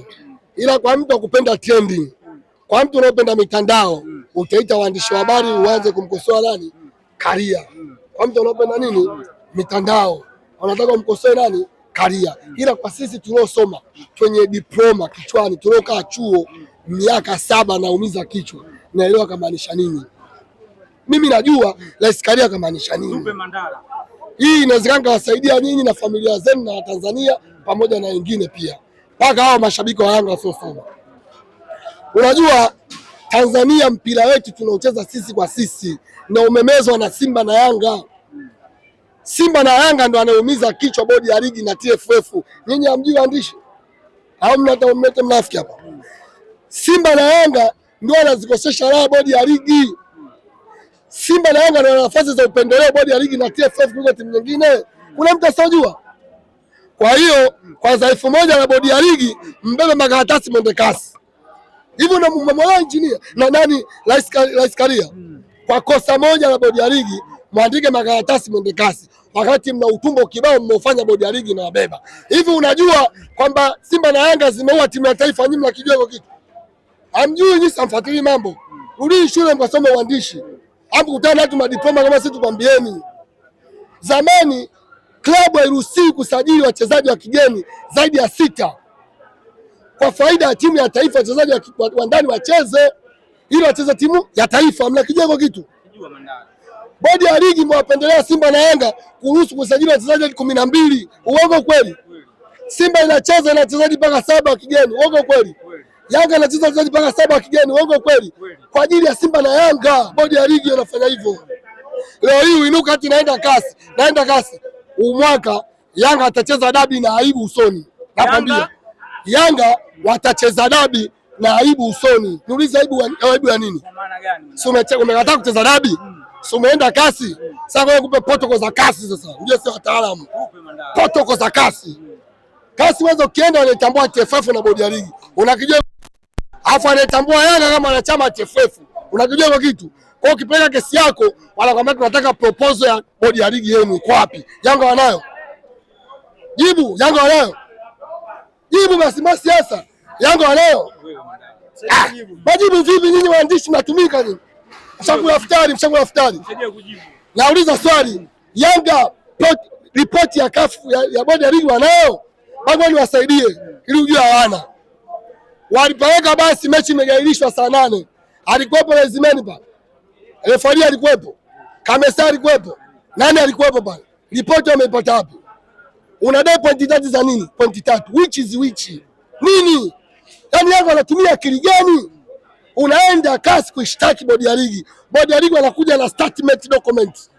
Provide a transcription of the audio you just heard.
kazi, ila kwa mtu akupenda trending, kwa mtu unaopenda mitandao, utaita waandishi wa habari uanze kumkosoa nani Karia. Kwa mtu unaopenda nini mitandao, unataka umkosoe nani Karia, ila kwa sisi tuliosoma kwenye diploma kichwani, tuliokaa chuo miaka saba, naumiza kichwa, naelewa kamaanisha nini. Mimi najua Rais Karia kamaanisha nini. Hii inawezekana kawasaidia nyinyi na familia zenu na Watanzania pamoja na wengine pia mpaka hao mashabiki wa Yanga wasiofanya. Unajua Tanzania mpira wetu tunaocheza sisi kwa sisi na umemezwa na Simba na Yanga. Simba na Yanga ndo anaumiza kichwa bodi ya ligi na TFF. Nyinyi hamjui waandishi au mnataumete mnafiki hapa. Simba na Yanga ndio anazikosesha raha bodi ya ligi. Simba na Yanga ndio nafasi za upendeleo bodi ya ligi na TFF kuliko timu nyingine. Kuna mtu asiojua kwa hiyo kwanza elfu moja na bodi ya ligi mbebe makaratasi mwende kasi hivyo, na mmemwona injinia na nani Rais Karia kwa kosa moja la bodi ya ligi mwandike makaratasi mwende kasi, wakati mna utumbo kibao mmeofanya bodi ya ligi na wabeba hivi. Unajua kwamba Simba na Yanga zimeua timu ya taifa, nyinyi mnakijua hiyo kitu? hamjui nyinyi, samfuatilii mambo. Rudii shule mkasome uandishi, hapo kutana na watu madiploma kama sisi, tukwambieni zamani klabu hairuhusiwi kusajili wachezaji wa kigeni zaidi ya sita kwa faida ya timu ya taifa. Wachezaji wa ndani wacheze ili wacheze timu ya taifa. Mna kijua hiyo kitu? Bodi ya ligi mwapendelea Simba na Yanga kuruhusu kusajili wachezaji kumi na mbili. Uongo kweli? Simba inacheza na wachezaji mpaka saba wa kigeni. Uongo kweli? Yanga inacheza wachezaji mpaka saba wa kigeni. Uongo kweli? Kwa ajili ya Simba na Yanga, bodi ya ligi wanafanya hivyo. Leo hii uinuka ati naenda kasi, naenda kasi huu mwaka Yanga watacheza dabi na aibu usoni. Nakwambia Yanga watacheza dabi na aibu usoni. Niulize aibu, eh, aibu ya nini? Si umekataa kucheza dabi, hmm. si umeenda kasi? Sasa kupe protoko za kasi. Sasa ndio si wataalamu protoko za kasi kasi wezo ukienda anaitambua TFF na bodi ya ligi unakijua, afu anaitambua Yanga kama wanachama TFF unakijua kwa kitu. Kwa ukipeleka kesi yako wanakwambia tunataka proposal ya bodi ya ligi yenu iko wapi? Yanga wanayo? Jibu, Yanga wanayo? Jibu basi basi sasa. Yanga wanayo? Ah, majibu vipi nyinyi waandishi mnatumika nyinyi? Mshakula futari, wa futari. Nauliza swali. Yanga ripoti ya kafu ya, ya bodi ya ligi wanayo? Bagwani niwasaidie ili ujue hawana. Walipeleka basi mechi imegairishwa saa nane. Alikuwepo Lezimeni pale. Refari alikuwepo, Kamesa alikuwepo, nani alikuwepo pale? Ripoti wameipata wapi? Unadai pointi tatu za nini? Pointi tatu which is which nini? Yaani yako anatumia akili gani? Unaenda kasi kuishtaki bodi ya ligi, bodi ya ligi wanakuja na statement document